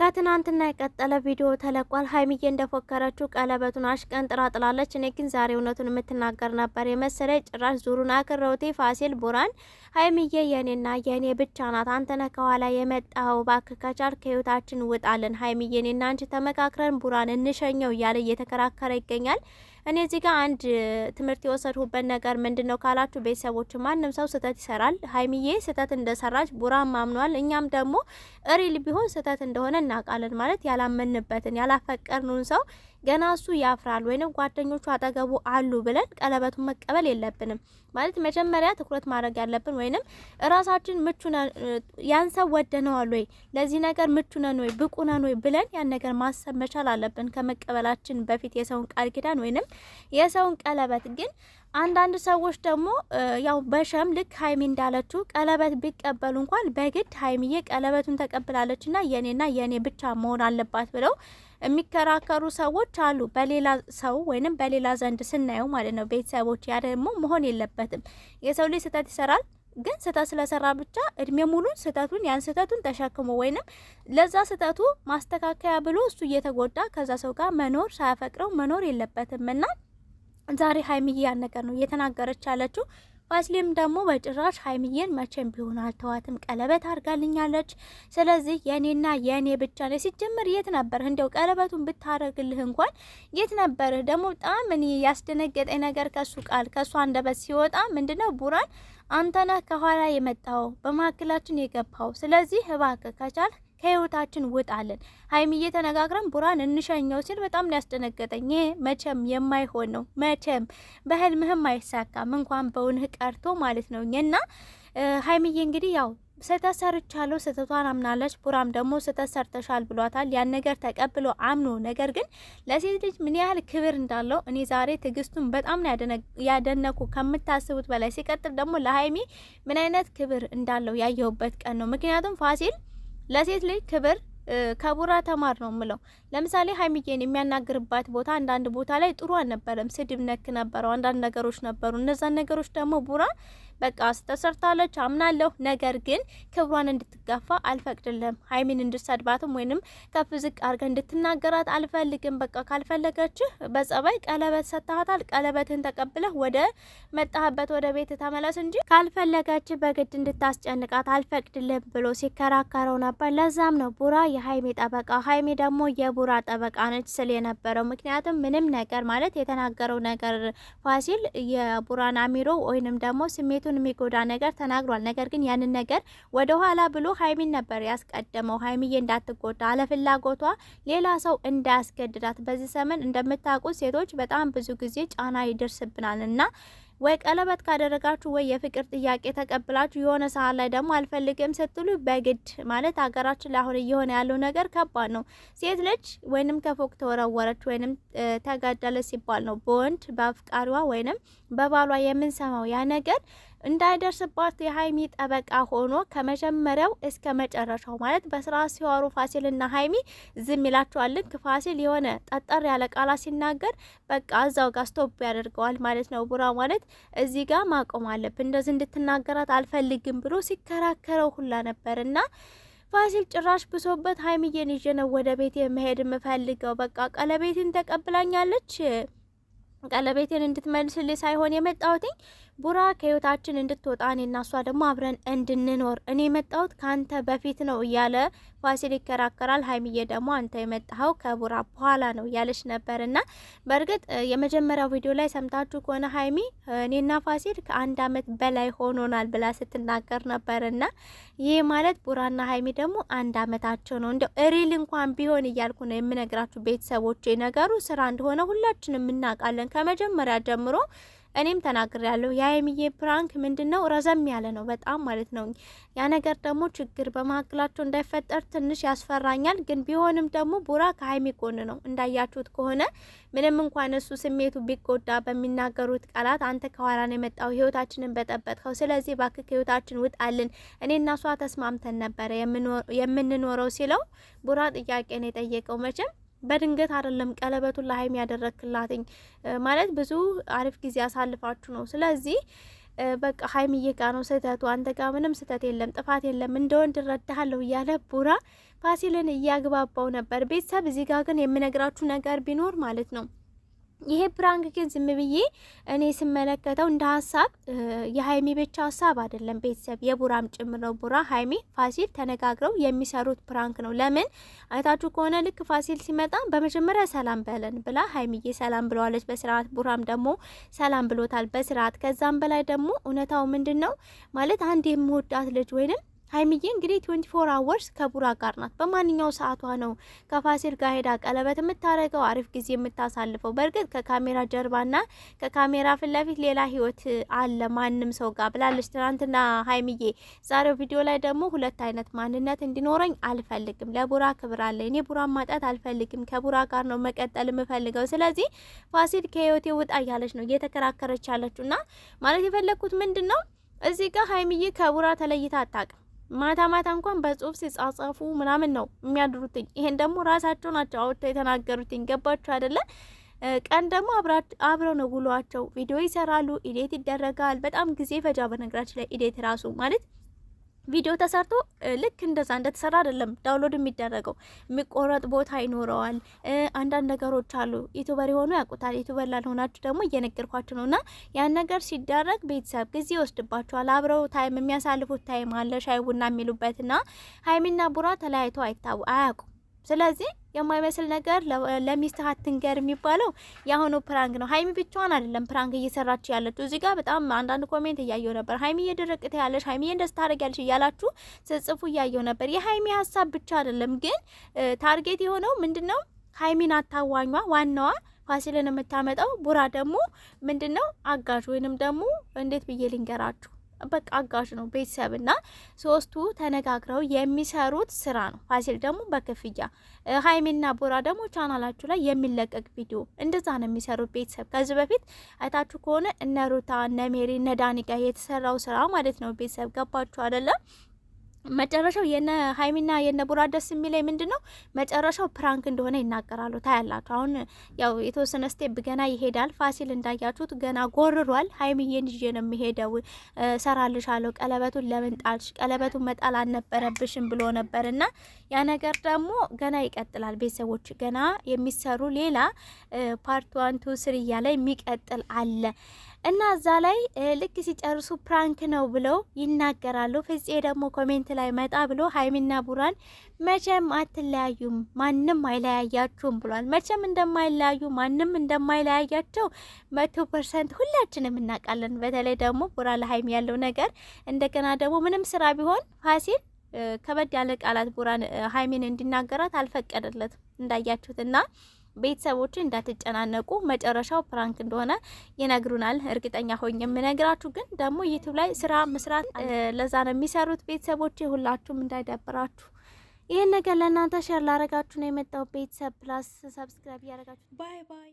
ከትናንትና የቀጠለ ቪዲዮ ተለቋል። ሀይሚዬ እንደፎከረችው ቀለበቱን አሽቀንጥራ ጥላለች። እኔ ግን ዛሬ እውነቱን የምትናገር ነበር የመሰለ ጭራሽ ዙሩን አክረውቴ ፋሲል ቡራን ሀይሚዬ የኔና የኔ ብቻ ናት፣ አንተነ ከኋላ የመጣኸው እባክህ ከቻል ከህይወታችን ውጣልን። ሀይሚዬ እኔና አንቺ ተመካክረን ቡራን እንሸኘው እያለ እየተከራከረ ይገኛል። እኔ እዚህ ጋር አንድ ትምህርት የወሰድሁበት ነገር ምንድን ነው ካላችሁ ቤተሰቦች፣ ማንም ሰው ስህተት ይሰራል። ሀይሚዬ ስህተት እንደሰራች ቡራም አምኗል። እኛም ደግሞ እሪል ቢሆን ስህተት እንደሆነ እናውቃለን። ማለት ያላመንበትን ያላፈቀርነውን ሰው ገና እሱ ያፍራል ወይንም ጓደኞቹ አጠገቡ አሉ ብለን ቀለበቱን መቀበል የለብንም። ማለት መጀመሪያ ትኩረት ማድረግ ያለብን ወይንም እራሳችን ምቹ ያን ሰው ወደነዋል ወይ ለዚህ ነገር ምቹ ነን ወይ ብቁ ነን ወይ ብለን ያን ነገር ማሰብ መቻል አለብን። ከመቀበላችን በፊት የሰውን ቃል ኪዳን ወይንም የሰውን ቀለበት ግን አንዳንድ ሰዎች ደግሞ ያው በሸም ልክ ሀይሚ እንዳለችው ቀለበት ቢቀበሉ እንኳን በግድ ሀይሚዬ ቀለበቱን ተቀብላለች እና የኔና የኔ ብቻ መሆን አለባት ብለው የሚከራከሩ ሰዎች አሉ። በሌላ ሰው ወይንም በሌላ ዘንድ ስናየው ማለት ነው ቤተሰቦች፣ ያ ደግሞ መሆን የለበትም። የሰው ልጅ ስህተት ይሰራል። ግን ስህተት ስለሰራ ብቻ እድሜ ሙሉን ስህተቱን ያን ስህተቱን ተሸክሞ ወይንም ለዛ ስህተቱ ማስተካከያ ብሎ እሱ እየተጎዳ ከዛ ሰው ጋር መኖር ሳያፈቅረው መኖር የለበትም እና ዛሬ ሀይሚዬ ያን ነገር ነው እየተናገረች ያለችው። ቫስሊም ደግሞ በጭራሽ ሀይሚዬን መቼም ቢሆን አልተዋትም፣ ቀለበት አድርጋልኛለች። ስለዚህ የኔና የኔ ብቻ ነ ሲጀምር የት ነበርህ? እንዲያው ቀለበቱን ብታረግልህ እንኳን የት ነበርህ? ደግሞ በጣም እኔ ያስደነገጠኝ ነገር ከሱ ቃል ከሱ አንደበት ሲወጣ ምንድነው ቡራን አንተና ከኋላ የመጣው በመካከላችን የገባው ስለዚህ እባክህ ከቻልህ ከህይወታችን ውጣለን። ሀይሚዬ ተነጋግረን ቡራን እንሸኘው ሲል በጣም ያስደነገጠኝ ይሄ መቼም የማይሆን ነው። መቼም በህልምህም አይሳካም እንኳን በውንህ ቀርቶ ማለት ነው እና ሀይሚዬ እንግዲህ ያው ስህተት ሰርቻለሁ፣ ስህተቷን አምናለች። ቡራም ደግሞ ስህተት ሰርተሻል ብሏታል። ያን ነገር ተቀብሎ አምኖ ነገር ግን ለሴት ልጅ ምን ያህል ክብር እንዳለው እኔ ዛሬ ትዕግስቱን በጣም ያደነኩ ከምታስቡት በላይ ሲቀጥል ደግሞ ለሀይሚ ምን አይነት ክብር እንዳለው ያየሁበት ቀን ነው። ምክንያቱም ፋሲል ለሴት ልጅ ክብር ከቡራ ተማር ነው ምለው ለምሳሌ ሀይሚዬን የሚያናግርባት ቦታ አንዳንድ ቦታ ላይ ጥሩ አልነበረም። ስድብ ነክ ነበረው፣ አንዳንድ ነገሮች ነበሩ። እነዛን ነገሮች ደግሞ ቡራ በቃ ስተሰርታለች አምናለሁ። ነገር ግን ክብሯን እንድትጋፋ አልፈቅድልም። ሀይሚን እንድሰድባትም ወይንም ከፍ ዝቅ አድርገ እንድትናገራት አልፈልግም። በቃ ካልፈለገችህ በጸባይ ቀለበት ሰጥተሃታል። ቀለበትን ተቀብለህ ወደ መጣህበት ወደ ቤት ተመለስ እንጂ ካልፈለገችህ በግድ እንድታስጨንቃት አልፈቅድልም ብሎ ሲከራከረው ነበር። ለዛም ነው ቡራ የሀይሜ ጠበቃ፣ ሀይሜ ደግሞ የቡ የቡራ ጠበቃ ነች ስል የነበረው ምክንያቱም ምንም ነገር ማለት የተናገረው ነገር ፋሲል የቡራን አሚሮ ወይንም ደግሞ ስሜቱን የሚጎዳ ነገር ተናግሯል። ነገር ግን ያንን ነገር ወደኋላ ብሎ ሀይሚን ነበር ያስቀደመው። ሀይሚዬ እንዳትጎዳ አለፍላጎቷ ሌላ ሰው እንዳያስገድዳት። በዚህ ሰምን እንደምታውቁት ሴቶች በጣም ብዙ ጊዜ ጫና ይደርስብናል እና ወይ ቀለበት ካደረጋችሁ ወይ የፍቅር ጥያቄ ተቀብላችሁ የሆነ ሰዓት ላይ ደግሞ አልፈልግም ስትሉ በግድ ማለት ሀገራችን ላይ አሁን እየሆነ ያለው ነገር ከባድ ነው። ሴት ልጅ ወይንም ከፎቅ ተወረወረች ወይንም ተጋደለ ሲባል ነው በወንድ በአፍቃሪዋ ወይንም በባሏ የምንሰማው ያ ነገር እንዳይደርስባት የሀይሚ ጠበቃ ሆኖ ከመጀመሪያው እስከ መጨረሻው ማለት በስራ ሲዋሩ ፋሲልና ሀይሚ ዝም ይላቸዋል። ልክ ፋሲል የሆነ ጠጠር ያለ ቃላ ሲናገር በቃ እዛው ጋር ስቶፕ ያደርገዋል ማለት ነው። ቡራ ማለት እዚህ ጋር ማቆም አለብ እንደዚህ እንድትናገራት አልፈልግም ብሎ ሲከራከረው ሁላ ነበር እና ፋሲል ጭራሽ ብሶበት ሀይሚዬን ይዤ ነው ወደ ቤት የመሄድ የምፈልገው። በቃ ቀለቤትን ተቀብላኛለች ቀለቤቴን እንድትመልስልኝ ሳይሆን የመጣሁትኝ ቡራ ከህይወታችን እንድትወጣ እኔና እሷ ደግሞ አብረን እንድንኖር እኔ የመጣሁት ከአንተ በፊት ነው እያለ ፋሲል ይከራከራል። ሀይሚዬ ደግሞ አንተ የመጣኸው ከቡራ በኋላ ነው እያለች ነበር ና በእርግጥ የመጀመሪያው ቪዲዮ ላይ ሰምታችሁ ከሆነ ሀይሚ እኔና ፋሲል ከአንድ አመት በላይ ሆኖናል ብላ ስትናገር ነበር ና ይህ ማለት ቡራና ሀይሚ ደግሞ አንድ አመታቸው ነው እንደው ሪል እንኳን ቢሆን እያልኩ ነው የምነግራችሁ ቤተሰቦች። ነገሩ ስራ እንደሆነ ሁላችንም እናውቃለን ከመጀመሪያ ጀምሮ እኔም ተናግሬ ያለሁ የሀይሚዬ ፕራንክ ምንድን ነው ረዘም ያለ ነው በጣም ማለት ነው። ያ ነገር ደግሞ ችግር በመካከላቸው እንዳይፈጠር ትንሽ ያስፈራኛል። ግን ቢሆንም ደግሞ ቡራ ከሀይሚ ጎን ነው። እንዳያችሁት ከሆነ ምንም እንኳን እሱ ስሜቱ ቢጎዳ በሚናገሩት ቃላት አንተ ከኋላን የመጣው ህይወታችንን በጠበጥከው፣ ስለዚህ እባክህ ህይወታችን ውጣልን፣ እኔ እና እሷ ተስማምተን ነበረ የምንኖረው ሲለው ቡራ ጥያቄን የጠየቀው መቼም በድንገት አይደለም ቀለበቱን ለሀይሚ ያደረክላትኝ ማለት ብዙ አሪፍ ጊዜ አሳልፋችሁ ነው። ስለዚህ በቃ ሀይሚዬ ጋ ነው ስህተቱ፣ አንተ ጋ ምንም ስህተት የለም ጥፋት የለም፣ እንደ ወንድ ረዳሃለሁ እያለ ቡራ ፋሲልን እያግባባው ነበር። ቤተሰብ እዚህ ጋ ግን የምነግራችሁ ነገር ቢኖር ማለት ነው ይሄ ፕራንክ ግን ዝም ብዬ እኔ ስመለከተው እንደ ሀሳብ የሀይሚ ብቻ ሀሳብ አይደለም፣ ቤተሰብ የቡራም ጭምር ነው። ቡራ፣ ሀይሚ፣ ፋሲል ተነጋግረው የሚሰሩት ፕራንክ ነው። ለምን አይታችሁ ከሆነ ልክ ፋሲል ሲመጣ በመጀመሪያ ሰላም በለን ብላ ሀይሚዬ ሰላም ብለዋለች በስርዓት ቡራም ደግሞ ሰላም ብሎታል በስርዓት ከዛም በላይ ደግሞ እውነታው ምንድን ነው ማለት አንድ የምወዳት ልጅ ወይንም ሀይሚዬ እንግዲህ 24 አወርስ ከቡራ ጋር ናት። በማንኛው ሰዓቷ ነው ከፋሲል ጋር ሄዳ ቀለበት የምታደርገው አሪፍ ጊዜ የምታሳልፈው። በእርግጥ ከካሜራ ጀርባና ከካሜራ ፊት ለፊት ሌላ ህይወት አለ ማንም ሰው ጋር ብላለች ትናንትና ሀይሚዬ። ዛሬው ቪዲዮ ላይ ደግሞ ሁለት አይነት ማንነት እንዲኖረኝ አልፈልግም። ለቡራ ክብር አለ። እኔ ቡራ ማጣት አልፈልግም። ከቡራ ጋር ነው መቀጠል የምፈልገው። ስለዚህ ፋሲል ከህይወቴ ውጣ እያለች ነው እየተከራከረች ያለችው። እና ማለት የፈለግኩት ምንድን ነው እዚህ ጋር ሀይሚዬ ከቡራ ተለይታ አታውቅም። ማታ ማታ እንኳን በጽሁፍ ሲጻጻፉ ምናምን ነው የሚያድሩትኝ። ይሄን ደግሞ ራሳቸው ናቸው አውጥተው የተናገሩትኝ። ገባችሁ አይደለ? ቀን ደግሞ አብረው ነው ውሏቸው። ቪዲዮ ይሰራሉ፣ ኢዴት ይደረጋል። በጣም ጊዜ ፈጃ። በነገራችን ላይ ኢዴት ራሱ ማለት ቪዲዮ ተሰርቶ ልክ እንደዛ እንደተሰራ አይደለም ዳውንሎድ የሚደረገው። የሚቆረጥ ቦታ ይኖረዋል። አንዳንድ ነገሮች አሉ። ዩቱበር የሆኑ ያውቁታል። ዩቱበር ላልሆናችሁ ደግሞ እየነገርኳችሁ ነው። እና ያን ነገር ሲደረግ ቤተሰብ ጊዜ ይወስድባችኋል። አብረው ታይም የሚያሳልፉት ታይም አለ፣ ሻይ ቡና የሚሉበት ና ሀይሚና ቡራ ተለያይቶ አይታው አያውቁም። ስለዚህ የማይመስል ነገር ለሚስትህ አትንገር የሚባለው የአሁኑ ፕራንክ ነው። ሀይሚ ብቻዋን አይደለም ፕራንክ እየሰራች ያለችው። እዚህ ጋር በጣም አንዳንድ ኮሜንት እያየው ነበር። ሀይሚ እየደረቅት ያለች፣ ሀይሚ እንደስ ታደርጊያለች እያላችሁ ስጽፉ እያየው ነበር። የሀይሚ ሀሳብ ብቻ አይደለም ግን ታርጌት የሆነው ምንድን ነው? ሀይሚን አታዋኟ ዋናዋ ፋሲልን የምታመጣው ቡራ ደግሞ ምንድን ነው አጋዥ ወይንም ደግሞ እንዴት ብዬ ልንገራችሁ በቃ አጋዥ ነው ቤተሰብ እና ሶስቱ ተነጋግረው የሚሰሩት ስራ ነው። ፋሲል ደግሞ በክፍያ ሀይሜና ቦራ ደግሞ ቻናላችሁ ላይ የሚለቀቅ ቪዲዮ እንደዛ ነው የሚሰሩት ቤተሰብ። ከዚህ በፊት አይታችሁ ከሆነ እነ ሩታ እነ ሜሪ እነ ዳኒ ጋር የተሰራው ስራ ማለት ነው ቤተሰብ ገባችሁ አይደለም? መጨረሻው የነ ሀይሚና የነ ቡራ ደስ የሚለኝ ምንድን ነው? መጨረሻው ፕራንክ እንደሆነ ይናገራሉ። ታያላችሁ። አሁን ያው የተወሰነ ስቴፕ ገና ይሄዳል። ፋሲል እንዳያችሁት ገና ጎርሯል። ሀይሚዬን ይዤ ነው የሚሄደው፣ እሰራልሻለሁ፣ ቀለበቱን ለምን ጣልሽ? ቀለበቱን መጣል አልነበረብሽም ብሎ ነበር እና ያ ነገር ደግሞ ገና ይቀጥላል። ቤተሰቦች ገና የሚሰሩ ሌላ ፓርት ዋን ቱ ስሪ እያለ የሚቀጥል አለ። እና እዛ ላይ ልክ ሲጨርሱ ፕራንክ ነው ብለው ይናገራሉ። ፍፄ ደግሞ ኮሜንት ላይ መጣ ብሎ ሀይሚና ቡራን መቼም አትለያዩም፣ ማንም አይለያያችሁም ብሏል። መቼም እንደማይለያዩ ማንም እንደማይለያያቸው መቶ ፐርሰንት ሁላችንም እናውቃለን። በተለይ ደግሞ ቡራ ለሀይሚ ያለው ነገር እንደገና ደግሞ ምንም ስራ ቢሆን ፋሲል ከበድ ያለ ቃላት ቡራን ሀይሚን እንዲናገራት አልፈቀደለትም እንዳያችሁትና ቤተሰቦች እንዳትጨናነቁ መጨረሻው ፕራንክ እንደሆነ ይነግሩናል። እርግጠኛ ሆኜ የምነግራችሁ ግን ደግሞ ዩቱብ ላይ ስራ መስራት ለዛ ነው የሚሰሩት። ቤተሰቦች ሁላችሁም እንዳይደብራችሁ ይህን ነገር ለእናንተ ሼር ላረጋችሁ ነው የመጣው። ቤተሰብ ፕላስ ሰብስክራይብ እያረጋችሁ ባይ ባይ።